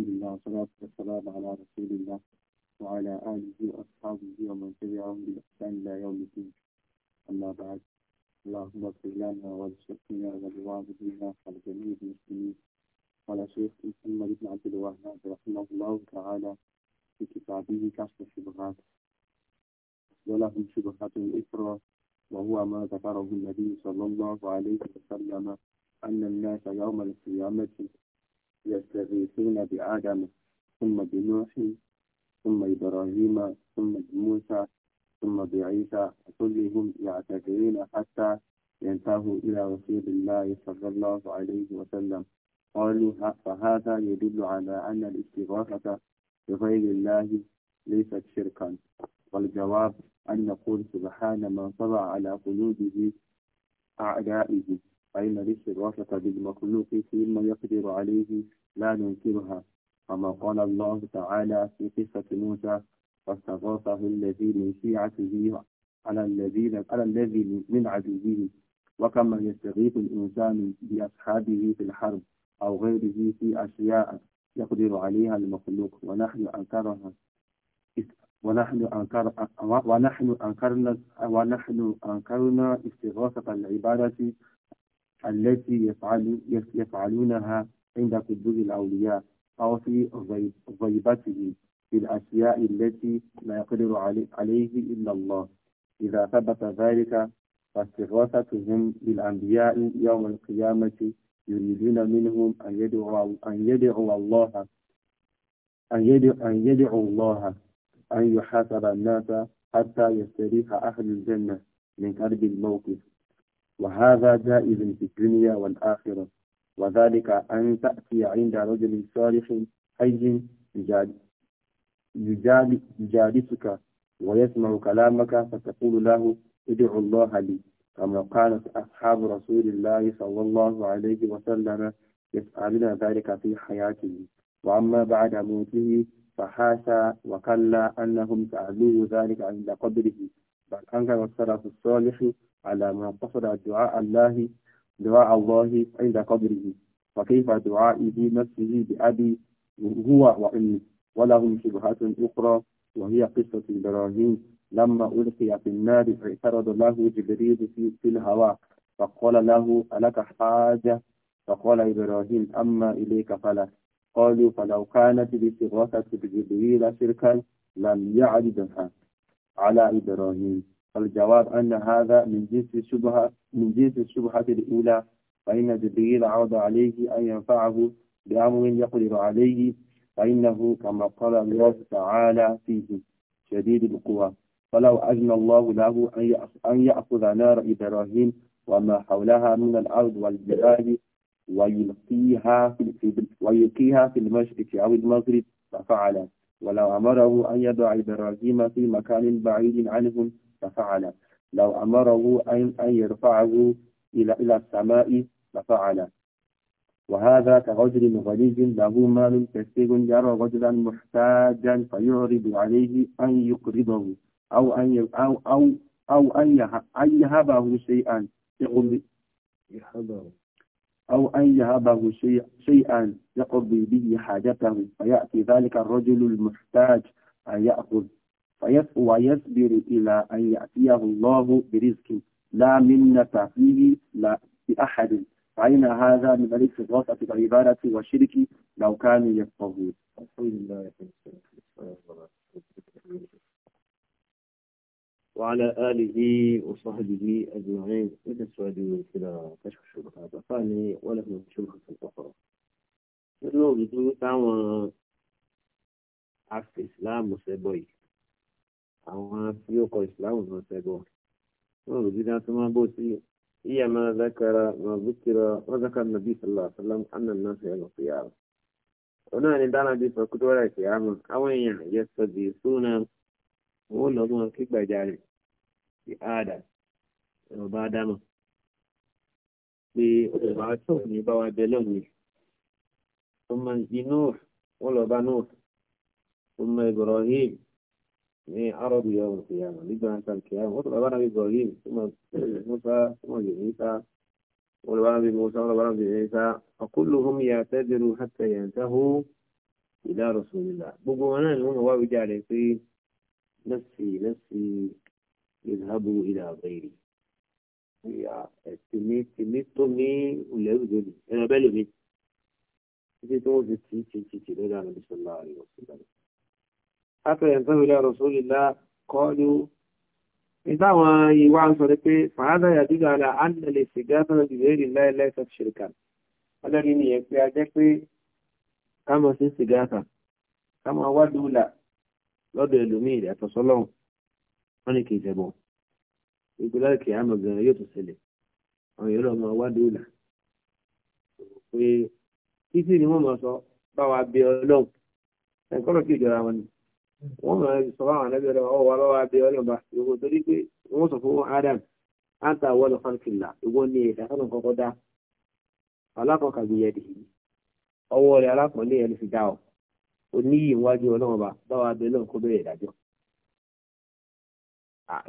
الحمد لله والصلاة والسلام على رسول الله وعلى آله وأصحابه ومن تبعهم بإحسان إلى يوم الدين أما بعد اللهم اغفر لنا ولشيخنا ولوالدينا ولجميع المسلمين قال شيخ محمد بن عبد الوهاب رحمه الله تعالى في كتابه كشف الشبهات ولهم شبهات أخرى وهو ما ذكره النبي صلى الله عليه وسلم أن الناس يوم القيامة يستغيثون بآدم ثم بنوح ثم إبراهيم ثم بموسى ثم بعيسى كلهم يعتذرون حتى ينتهوا إلى رسول الله صلى الله عليه وسلم قالوا فهذا يدل على أن الاستغاثة بغير الله ليست شركا والجواب أن نقول سبحان من طبع على قلوبه أعدائه فإن الاستغاثة بالمخلوق فيما يقدر عليه لا ننكرها كما قال الله تعالى في قصة موسى فاستغاثه الذي من شيعته على الذين على الذي من عدوه وكما يستغيث الإنسان بأصحابه في الحرب أو غيره في أشياء يقدر عليها المخلوق ونحن أنكرها ونحن أنكر ونحن أنكرنا ونحن أنكرنا استغاثة العبادة التي يفعل يفعلونها عند قدوم الأولياء أو في غيبته في الأشياء التي لا يقدر عليه إلا الله إذا ثبت ذلك فاستغاثتهم بالأنبياء يوم القيامة يريدون منهم أن يدعوا أن يدعوا الله أن يدعوا أن يدعوا الله أن يحاسب الناس حتى يستريح أهل الجنة من كرب الموقف وهذا جائز في الدنيا والآخرة وذلك أن تأتي عند رجل صالح حي يجالسك ويسمع كلامك فتقول له ادع الله لي كما قالت أصحاب رسول الله صلى الله عليه وسلم يفعلون ذلك في حياته وأما بعد موته فحاشا وكلا أنهم فعلوه ذلك عند قبره بل أنكر السلف الصالح على ما قصد دعاء الله دعاء الله عند قبره فكيف دعائي في نفسه بأبي هو وأمي ولهم شبهات أخرى وهي قصة إبراهيم لما ألقي في النار اعترض له جبريل في, في الهواء فقال له ألك حاجة فقال إبراهيم أما إليك فلا قالوا فلو كانت الاستغاثة بجبريل شركا لم يعرضها على إبراهيم الجواب أن هذا من جنس الشبهة من جنس الشبهة الأولى فإن جبريل عرض عليه أن ينفعه بأمر يقدر عليه فإنه كما قال الله تعالى فيه شديد القوى فلو أذن الله له أن يأخذ نار إبراهيم وما حولها من الأرض والجبال ويلقيها في ويلقيها في المشرق أو المغرب ففعل ولو أمره أن يضع إبراهيم في مكان بعيد عنهم لفعل لو أمره أن أن يرفعه إلى إلى السماء لفعل وهذا كرجل غليظ له مال كثير يرى رجلا محتاجا فيعرض عليه أن يقرضه أو أن أو أو أو أن يهبه شيئا يهبه أو أن يهبه شيئا يقضي به حاجته فيأتي ذلك الرجل المحتاج أن يأخذ ويصبر إلى أن يأتيه الله برزق لا منة فيه لا بأحد فإن هذا من ذلك الغلطة العبارة والشرك لو كانوا يفقهون وعلى آله وصحبه أجمعين من إلى كشف الشبهات الثاني ولكم شبهة أخرى نرجو بتوقع عكس الإسلام وسيبويه àwọn tí ó kọ ìsìláàmù náà ṣẹbọ wọn rò bí dáa tó máa bó sí iya máa zákara máa búkira wọn zákara nàbí sàlá sàlám ànà náà ṣe ẹnu sí yàrá òun náà ni dáná bí sọ kútó rẹ sí àmọ́ àwọn èèyàn yẹ sọ bí súnà wọn lọ mọ kígbàjarè sí àdà ẹ̀rọ bá dáná pé ọ̀rọ̀ àtọ̀ ní bá wa bẹ lọ́nìí ọmọ ìnú wọn lọ bá nù ọmọ Ibrahim ní àròdù yọ̀ ọ̀rọ̀ kìyàmù nígbà nǹkan kìyàmù wọ́n tó bàbá náà bí gọ̀ọ́yìn Musa wọ́n yìí Isa wọ́n lè bá náà bí Musa wọ́n lè bá náà bí Isa ọ̀kúlùhùn yà tẹ́dẹ̀rù hàtẹ̀ yà dáhù ìlà rọ̀sùnìlà gbogbo wọn náà ni wọ́n wá wíjà rẹ̀ pé nọ́ọ̀sì nọ́ọ̀sì ìlàbù ìlà àbẹ̀rẹ̀ tèmi tèmi tó ní ìlẹ́rù lónìí ẹ̀rọ bẹ́ẹ̀ lómi títí tí wọ́n fi tì tì tì lọ́dọ̀ àná àtẹ̀yẹ̀ntọ́ ilẹ̀ rasulillah kọlu ìtàwọn ìwà ń sọ ní pé fàádà yàdúgbà àlà ánìlẹ̀ sìgáàtọ̀ ìbéèrè láìláìsọ̀ ṣìrìkà ọlọ́rin ni ẹ̀pẹ́ ajẹ́ pé kámọ̀ sí sìgáàtà kámọ̀ wádùúlà lọ́dọ̀ ẹlòmíì ìdàtọ̀ sọ́lọ́hùn wọ́n ní wọ́n mọ̀ ẹ́ sọ fáwọn ànábì ọ̀dọ̀ ọwọ́ bá wà bí ọlọ́ba ìwọ torí pé wọ́n sọ fún Adam áńtà wọ́lọ̀ fáńkìlà ìwọ ni ẹ̀dá sọ́nà kọ́kọ́ dá alákọ̀ọ́kà bí yẹn dìbò ọwọ́ rẹ̀ alákọ̀ọ́lé ẹni fi dá ọ oníyì iwájú ọlọ́ọ̀ba bá wà bí ọlọ́ọ̀ kó bẹ̀rẹ̀ ìdájọ́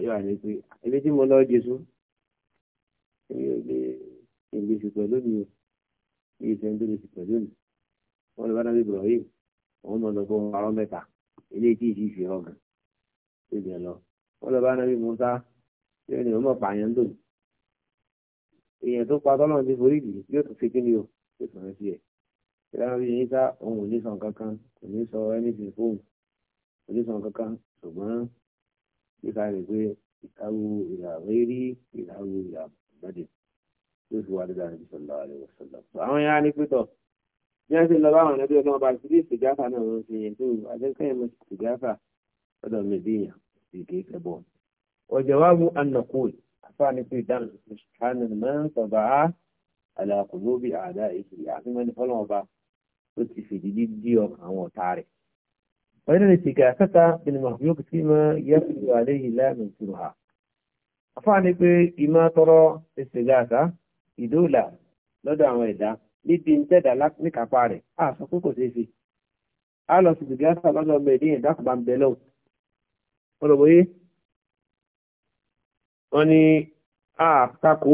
yóò àní pé ebi tí mo lọ Jésù èmi ò lè ìgbésí pẹ̀lú mi ò iye tí wọ́n ń gbé eléyìí tí ìṣe ìṣe ọgàn ìbẹ̀ lọ wọ́n lọ bá nàbí Musa tí ẹni òun mọ̀ pààyàn ń èèyàn tó pa tọ́lọ́run ti forí ìdí yóò tún fi kí ni o yóò tún rántí ẹ̀ ìlànà bíi yín sá òun ò ní kò ní sọ anything fóun kò ní ṣùgbọ́n kíkà rẹ̀ pé ìkàwé ìlàwé rí ìlàwé ìlàbàdì yóò fi wá dídára ní sọ̀lá àlẹ́ wọ̀sọ̀lá àwọn yẹn á ní pẹ́tọ̀ bí wọ́n ṣe lọ báwọn ẹ̀rọ bí ọlọ́run bá ti rí ìsìgáfà náà wọ́n ṣe yẹn tó àjẹkẹ́yìn mọ́ ìsìgáfà ọ̀dọ̀ mẹ́díyàn ìdè ìfẹ́bọ̀. ọ̀jọ̀wáwù anakul afáàní pé ìdáhùn ìṣàánú máa ń sọ̀bà á àlàkùnlóbi àdá èsì àfihàn ọlọ́run ọba tó ti fìdí dídí ọkàn àwọn ọ̀tá rẹ̀. ọ̀yẹ́dẹ̀ ni tìkà àkàtà bínú mahmoud tí máa yẹ fìdí alẹ́ yìí láàmì ha. afáàní pé ìmọ̀ tọrọ ìsìgáfà ìdóòlà lọ́dọ̀ àwọn ẹ̀dá níbi ń tẹ̀dá níkàpá rẹ̀ á sọ pé kò ṣeé ṣe á lọ sí ìdìbò yàtọ̀ lọ́dọ̀ ọmọ èdè yẹn dákùn bá ń bẹ lọ́wọ́ olùbóyè wọn ni a takò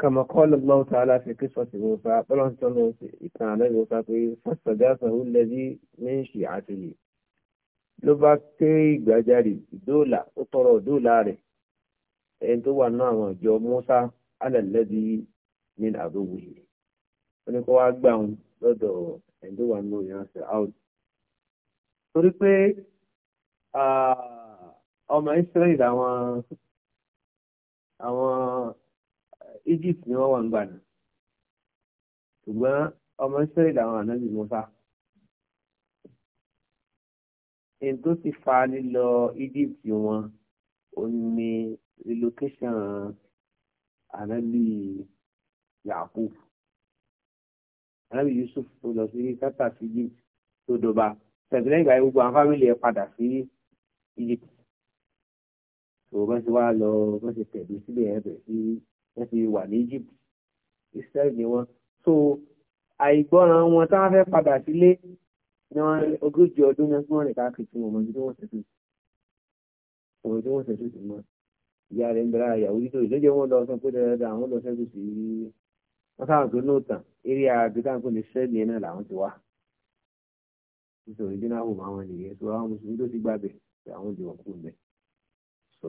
kàmọ́kọ́lù lọ́wọ́ tá a láti kí sọ́ọ̀tì wọ́fà bọ́lọ́ntọ́ ló ṣe ìtàn àlẹ́ wọ́fà pé fọ́sọ̀dá sọ̀rọ̀ lẹ́bí méjì àti yìí ló bá ké ìgbàjarì ìdóòlà ó tọrọ ìdóòlà rẹ̀ ẹni tó wà náà àwọn ìjọ Musa alẹ́ lẹ́bí ní àdógbò yìí ó ní kó wá gbà wọn lọ́dọ̀ ẹni tó wà nínú ìránṣẹ́ out torí pé ọmọ Israel àwọn àwọn Egypt ni wọ́n wà ń gbà náà ṣùgbọ́n ọmọ Israel àwọn ànábì Musa èyí tó ti fa lílọ Egypt wọn ò ní relocation ànábì Yakub anábì yusuf tó lọ sí kátà sí egypt tó dọba tẹ̀sílẹ̀ ìgbà gbogbo àwọn fámìlì ẹ̀ padà sí egypt tó bá ti wá lọ bá ti tẹ̀lé sílẹ̀ ẹ̀ bẹ̀ sí wọ́n ti wà ní egypt israel ni wọ́n so àìgbọ́ràn wọn táwọn fẹ́ padà sílé ní wọn ogójì ọdún náà tí wọ́n rìn káàkiri tí wọ́n mọ tí wọ́n ṣètò ọmọ tí wọ́n ṣètò sí mọ́ ìyá rẹ̀ ń bẹ̀rẹ̀ àyàwó yìí tó ìlẹ́jẹ̀ wọn lọ sọ pé dáadáa àwọn lọ ṣètò sí wọ́n sáà tó nóòtàn eré àgbékáńkò ní sẹ́ẹ̀lì náà làwọn ti wá nítorí jìnnà hù máa wọn nìyẹn tó àwọn mùsùlùmí tó ti gbàgbé pé àwọn ìjọba kù ń bẹ so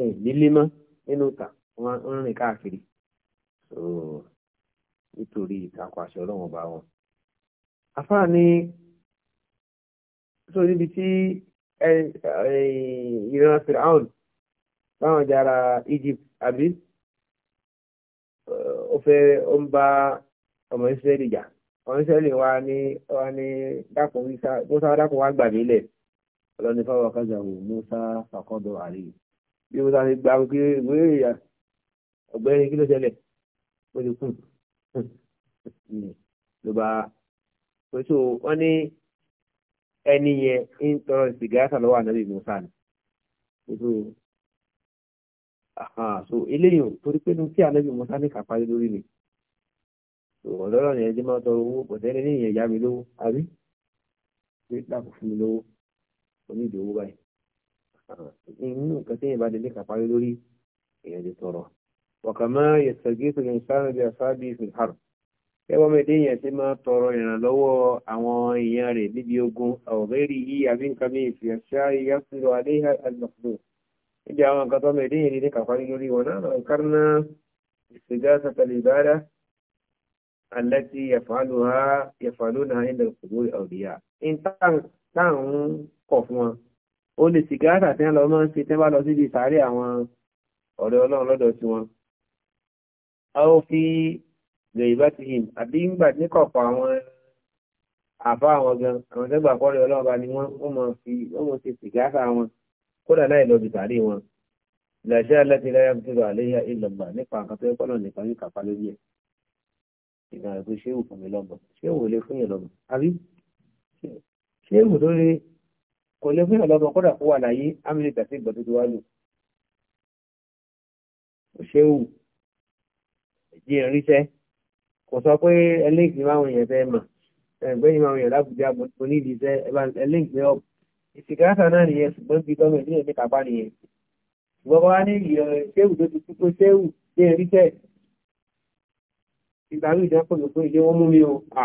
ẹ nílé mọ nínú ìta wọn rìn káàkiri so nítorí ìtakò àṣẹ ọlọ́run ọba wọn. afáà ni so níbi tí ìran firaun báwọn jára Egypt àbí ó fẹ́ ó ń bá ọmọ Ísírẹ́lì jà ọmọ Ísírẹ́lì wa ni wa ni dákun wíṣá Musa dákun wá gbà mí lẹ̀ ọlọ́ni fáwọn kájà wò Musa fàkọ́dọ̀ àrí bí Musa ti gba pé ìwé ìyá ọ̀gbẹ́ni kí ló ṣẹlẹ̀ ó ti kùn ló bá pé so wọ́n ní ẹni yẹn ń tọrọ sìgáàtà lọ́wọ́ ànábì Musa ni so aha so eléyìí torí pé nu tí ànábì Musa ní kàpá lórí ni òun lọ́rọ̀ yẹn jẹ́ máa tọrọ owó pọ̀tẹ́ni ní ìyẹn ìyá mi lówó àbí pé dàpọ̀ fún mi lówó onídìówó báyìí inú nǹkan tí èèyàn bá délé kà parí lórí èèyàn lè tọrọ wàkàmá yẹtọgí tó lè sáré bí afábí fìlhàr ẹwọ́n mi déyìn ẹ̀sìn máa tọrọ ìrànlọ́wọ́ àwọn èèyàn rẹ̀ níbi ogun ọ̀rẹ́rì yìí àbí nǹkan mi ìfì ẹ̀ṣá ìyá sílọ aléhà àlọ́fọ́ níbi àwọn nǹkan tó mi ní kà parí lórí wọn náà kárná ìṣègá sátẹlẹ ìbára alẹ́tí yẹ̀fàlùhà yẹ̀fàlùnà ilẹ̀ òkùnkùn ọ̀dìyà. in táwọn kọ̀ fún wọn ó lè sìgáàtà tí wọ́n lọ máa ń ṣe tẹ́wà lọ síbi ìsàárè àwọn ọ̀rẹ́ ọlọ́run lọ́dọ̀ sí wọn. a ó fi gaibatihim àbí ń gbà níkọ̀kọ̀ àwọn àbá àwọn gan àwọn tẹ́gbà kọ́rẹ́ ọlọ́run bá ni wọ́n mọ̀ fi wọ́n mọ̀ ṣe sìgáàtà wọn kódà láì lọ bí ìsàárè wọn. ìlàṣẹ́ ìgbà pé ṣéwù fún mi lọ́gbọ̀n ṣéwù lè fún yàn lọ́gbọ̀n àbí ṣéwù tó lè kò lè fún yàn lọ́gbọ̀n kódà kó wà láyé ámìlì tàbí ìgbà tó ti wá lò ṣéwù ìdí ẹ̀ríṣẹ́ kò sọ pé ẹlẹ́ǹkì máa ń yẹn fẹ́ mà ẹgbẹ́ni máa ń yẹn lábùjá mo ní ìdí iṣẹ́ ẹlẹ́ǹkì ọ̀pọ̀ ìsìkáàtà náà nìyẹn ṣùgbọ́n bí gọ́ọ̀mẹ̀ ní ẹ̀mí kápá nìyẹn ṣùgbọ́n wá ní ìyẹn ṣéwù tó ti kú pé ṣéwù dé ẹ̀ríṣẹ́ ìgbà rí ìjọ pẹ̀lú pé ilé wọn mú mi o à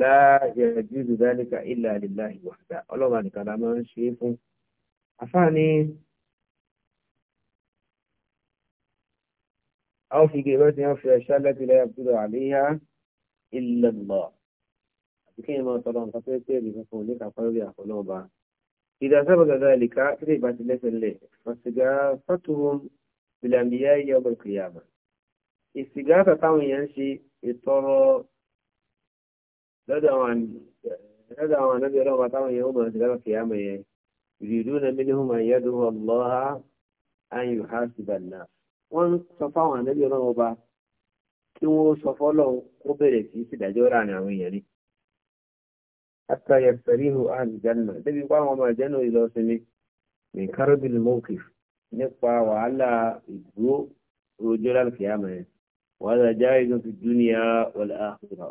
láàyè jùlọ dáníkà ilà àdìlà ìwà àdá ọlọ́run àdìkàdá máa ń ṣe é fún àfáà ni أو في جيبتها في الأشياء التي لا يقدر عليها إلا الله كما ترون قطعتي بفقولك قولي أخلوبا إذا سبق ذلك كتبت ليس له فاستجافتهم بالأنبياء يوم القيامة ìsìgáàtà táwọn èèyàn ń ṣe ìtọrọ lọ́dọ̀ àwọn ànábì ọlọ́pàá táwọn èèyàn ó mọ̀ sí lọ́wọ́ kìí àmọ̀ yẹn ìrìdú na mílíọ̀nù máa yẹ́ dúró lọ́ha ayò ha sì bàdà wọ́n ń sọ fáwọn ànábì ọlọ́pàá kí wọ́n sọ fọ́lọ́ kó bẹ̀rẹ̀ sí ìsìdájọ́ rà ní àwọn èèyàn ní. حتى يستريه أهل الجنة ده بيقع وما الجنة إذا سمي من كرب الموقف نقع وعلى وهذا جائز في الدنيا والآخرة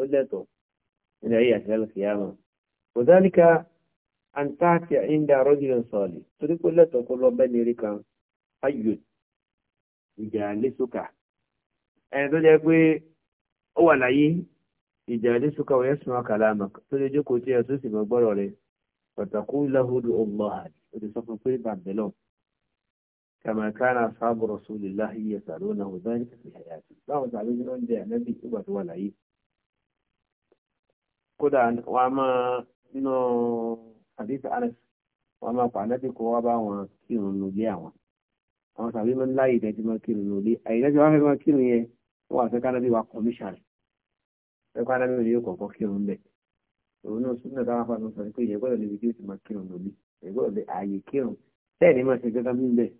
ولتو من أي أسئلة القيامة وذلك أن تأتي عند رجل صالح تقول لا تقول ربني لك حي يجالسك ẹni tó jẹ́ pé ó wà láyé يجالسك ويسمع كلامك tó lè jókòó له ادع الله ó ti sọ fún pé كما كان أصحاب رسول الله يسألونه ذلك في حياته báwọn tàbí ní oúnjẹ ànábì ìgbà tó wà láyé kódà wọ́n á máa nínú àdìsí anas wọ́n á máa pa ànábì kó wá bá wọn kírun nílé àwọn àwọn tàbí máa ń láyè ìdájọ́ máa kírun nílé àyídájọ́ wọn fẹ́ máa kírun yẹn wọ́n àfẹ́ kánábì wa kọmíṣàn fẹ́ kánábì rẹ̀ yóò kọ̀ọ̀kan kírun bẹ̀ òun náà súnmọ́ táwọn afáàlú sọ pé ìyẹn gbọ́dọ̀ lè fi kí ó ti máa kírun nílé ìyẹn gbọ́dọ̀ lè ààyè kírun bẹ́ẹ̀ ni máa ṣe gẹ́gẹ́ bí bẹ́ẹ̀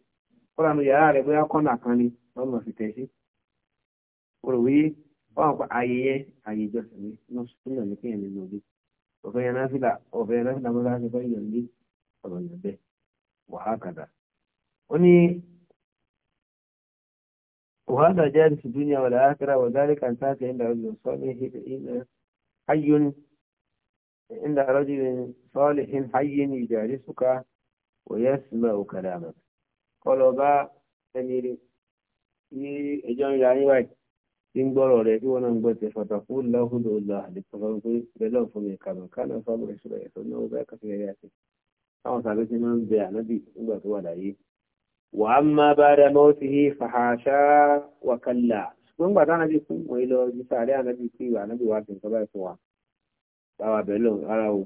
kọ́ra nu yàrá rẹ̀ bóyá kọ́nà kan ni wọ́n mọ̀ sí tẹ̀sí orò wíyé wọ́n àpá ààyè yẹn ààyè ìjọsìn ní wọ́n súnmọ̀ ní kéèyàn nínú òbí ọ̀fẹ́ yẹn náfìlà ọ̀fẹ́ yẹn náfìlà mọ́lá ṣe fẹ́ yàn ní ọ̀rọ̀ yàn bẹ́ẹ̀ wàhálà kàdà ó ní وهذا جالس kọ́ lọ bá ẹni rẹ̀ ní ẹjọ́ ń ya yín báyìí tí ń gbọ́rọ̀ rẹ̀ tí wọ́n náà ń gbọ́ tẹ̀ fàtàkù láhùdù ọ̀la àdìpọ̀lọ́ pé bẹ́lọ̀ fún mi kàlọ́ kánà fábùrẹ̀ ṣùgbọ́n ẹ̀sọ́ náà bẹ́ẹ̀ kàfẹ́ rẹ̀ àti táwọn sàbẹ̀ ti máa ń bẹ ànábì nígbà tó wà láyé. wà á máa bá rẹ mọ́ sí i fàhàṣà wà kálà ṣùgbọ́n gbàtà ànábì fún wọn lọ ní sàárẹ̀ ànábì pé ìwà ànábì wà sí nǹkan báyìí fún wa báwa bẹ́lọ̀ ara o.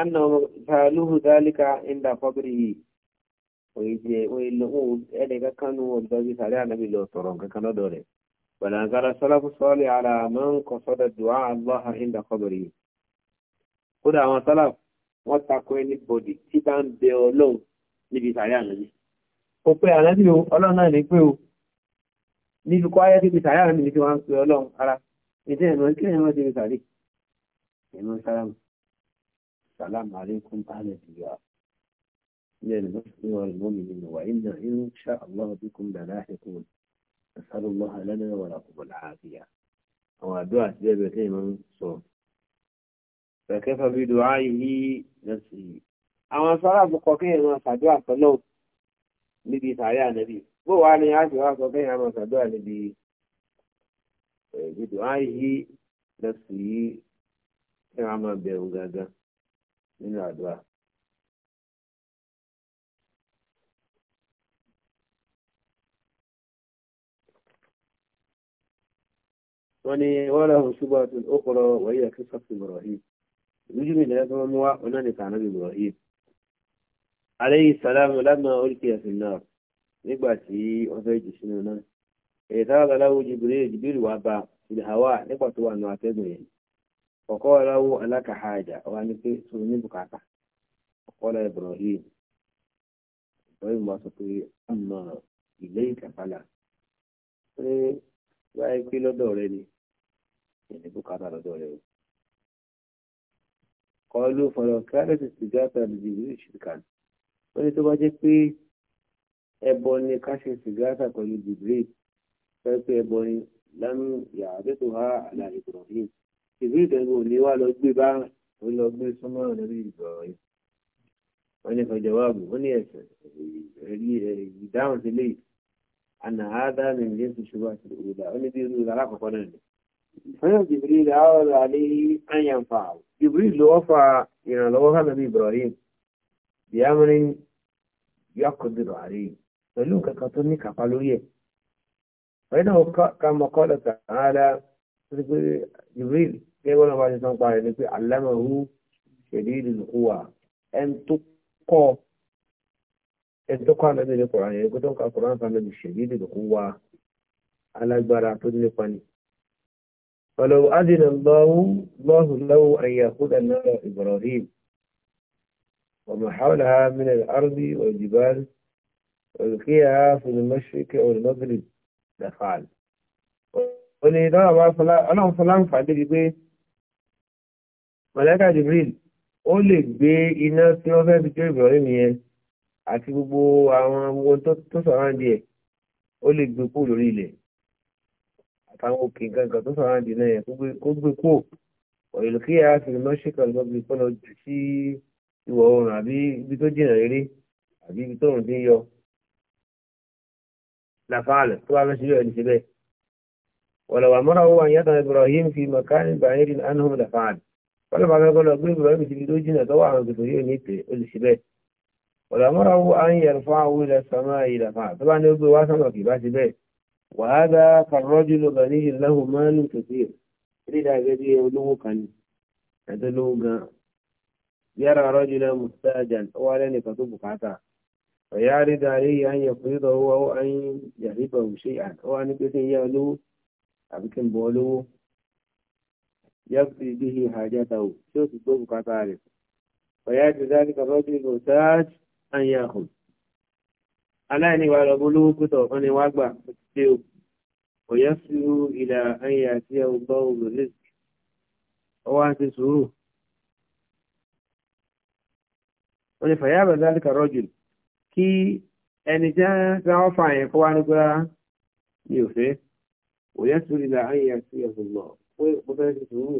anna sàlùhù dálíkà ń yìí oyeje oyeloko ẹnì kankan nu olùdájú sàrẹ ànábì lọ sọ̀rọ̀ kankan lọ́dọ̀ rẹ̀ gbàdàgbàdà sọlọfù sọọlẹ ara máa ń kọ sọdọ dùá aláha ìndà kọbẹrẹ yìí kódà àwọn sọlọf wọn takò ẹni bọdì tí bá ń bẹ Ọlọ́run níbi sàrẹ ànábì ó pé ànábì o Ọlọ́run náà ní pé o níbi kọ ayé níbi sàrẹ ànábì ní wọn pe Ọlọ́run ara ètò ẹnu kí ẹnu ti fi sàrẹ ẹnu sàrámù sàlámù alẹkùn alẹ bìyà. من المسلم والمؤمنين وإنا إن شاء الله بكم للاحقون نسأل الله لنا ولكم العافية ودعاء سبب كلمة صوم فكيف بدعائه نفسه أما صلاة بقوكية ما صدعاء صلوت نبي تعالى نبي بو علي عاشي وقوكية ما صدعاء نبي بدعائه نفسه كما بيوم غدا من الأدعاء wani ní wọ́n lọ́hùn ṣùgbọ́n tó ó kọ́rọ̀ wọ́yí ẹ̀kí sọ́ọ̀tì Ibrahim ìrújú mi lẹ́yìn tó wọ́n mú wá ọ̀nà nìkan ànábì Ibrahim alayhi salam lámà oríkì ẹ̀sìn na nígbà tí wọ́n fẹ́ jù sínú náà èyí táwọn aláwo Jibril Jibril wà bá ìlhàwà nígbà tó wà la Ibrahim ni ìní bùkátà lọ́dọ̀ rẹ̀ o. kọlu fọlọ kárẹ́tì sìgáàtà lùdì ìlú ìṣìkan ó ní tó bá jẹ́ pé ẹbọ ni ká ṣe sìgáàtà pẹ̀lú dìbìrì fẹ́ pé ẹbọ ni lámì yàrá tó há àlàyé ìbùrọ̀hìn ìbírí ìdẹ̀gbò ní wà lọ gbé bá ó lọ gbé súnmọ́ lórí ìbùrọ̀hìn wọ́n ní fẹjọ́ wà bù ó ní ẹ̀sẹ̀ ìdáhùn sílé àná àádá nìyẹn fẹ́ràn jibril àwọn àlẹ́ àyànfà jibril lọ́wọ́ fa ìrànlọ́wọ́ hàn nàbí ibrahim bí a mẹ́rin yọkùdìrò àlẹ́ pẹ̀lú kankan tó ní kápá lórí ẹ̀ fẹ́ràn ká mọ̀kọ́ lọ́tà ààlà jibril gẹ́gbẹ́ náà bá ti sọ pa rẹ̀ ni pé alámọ̀hú ṣèlú ìlú kúwà ẹn tó kọ́ ẹn tó kọ́ ànábì ní kùrán yẹn kó tó ń ka kùrán fún ànábì ṣèlú ìlú kúwà alágbára tó nípa ni. ولو أذن الله الله له أن يأخذ النار إبراهيم وما حولها من الأرض والجبال ويلقيها في المشرق والمغرب لفعل ولي دار الله صلاة أنا صلاة فعلي بيه ملائكة جبريل ó lè gbé iná tí wọ́n fẹ́ fi jó Ibrahim yẹn àti gbogbo àwọn ohun tó sọ̀rọ̀ díẹ̀ ó lè gbé kúrò lórí ilẹ̀ àtàwọn òkè gangan tó sọ̀rọ̀ àdínà yẹn kó gbé kó ọ̀yẹ̀lù kí a fi mọ́ṣíkà lọ́gbìn kó lọ jù sí ìwọ̀ oòrùn àbí ibi tó jìnà rere àbí ibi tó rùn dín yọ làfààlẹ̀ tó bá fẹ́ sílẹ̀ ní síbẹ̀. wọ̀lọ̀wà mọ́ra owó àyàtọ̀ Ibrahim fi makani bahirin anhum làfààlẹ̀ wọ́n lọ́ba fẹ́ kó lọ gbé Ibrahim síbi tó jìnà tó àwọn kòtò yóò ní ìpè ó lè síbẹ̀. wọ̀lọ̀wà mọ́ra owó àyàtọ̀ fún àwọn ilẹ̀ sọmọ́ wàhálà kàrọ́jù ló bá ní ìlàhùn mánú kẹfì rí dàgẹ́ bí olówó kan ní ẹ̀tọ́ lówó gan yára rọ́jù náà mùsáàjà ó wá lẹ́nu kan tó bùkátà ọ̀yá rí dàrí yà ń yẹ fún ìtọ̀ owó ó ń yàrí bá òṣè àn ó wá ní pé kí n yá olówó àbí kí n bọ̀ olówó yá fi bí i hàjá ta ò tí ó sì gbó bùkátà rẹ̀ ọ̀yá ti dárí kàrọ́jù ló sáàj ń yà aláìní ṣe o kò yẹ fúru ìlà ayé àti ọgbà olùrẹ́sì ọwọ́ àti sùúrù. wọ́n ní fàyà bẹ̀rẹ̀ láti kàrọ̀ jù kí ẹni tí wọ́n fà yẹn kó wá nígbà ah, mi ò fẹ́ kò yẹ ayé àti ọgbà mo fẹ́ ṣe sùúrù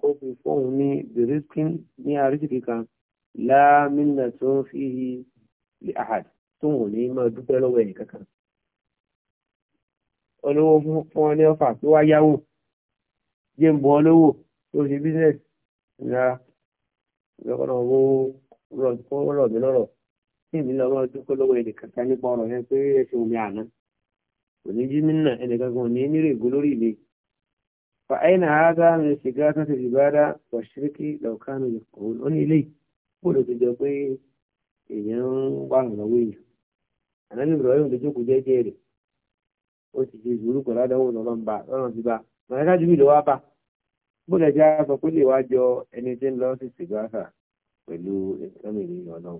kó fi fóun ní bìrìsíkì ní àríṣìkì láàmìnà tó ń fi lè àhàd tóun ò ní máa dúpẹ́ lọ́wọ́ ẹnì kankan. olówó fún ọ ní ọfà tó wá yáwó jẹ́ ń olówó tó ṣe bísínẹ́sì ìlara lọ́kọ́nà owó rọ̀ mí lọ́rọ̀ tí èmi lọ́wọ́ dúpẹ́ lọ́wọ́ kankan nípa ọ̀rọ̀ yẹn pé ẹ̀sìn omi àná jí mí nà ní ó ní tó pé èèyàn ń wà lọ́wọ́ èèyàn àná ní ìrọ̀lẹ́ òun ó ti ṣe ìṣòro kọ̀ ládàáwò lọ́lọ́mba lọ́rùn ti bá màláíkà jù mí ló wá bá bóòlù ẹ̀jẹ̀ á sọ pé lè wá jọ ẹni tí ń lọ sí sìgáàsà pẹ̀lú ìsọ́nà ìrìn ọ̀nà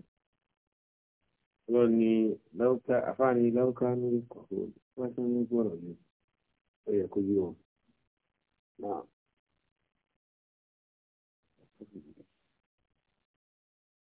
lọ ni lọ́ọ̀ká àfáàní lọ́ọ̀ká ní kọ̀ọ̀kọ̀ wọ́n tún ní gbọ́rọ̀ yìí ó yẹ kó yí wọn.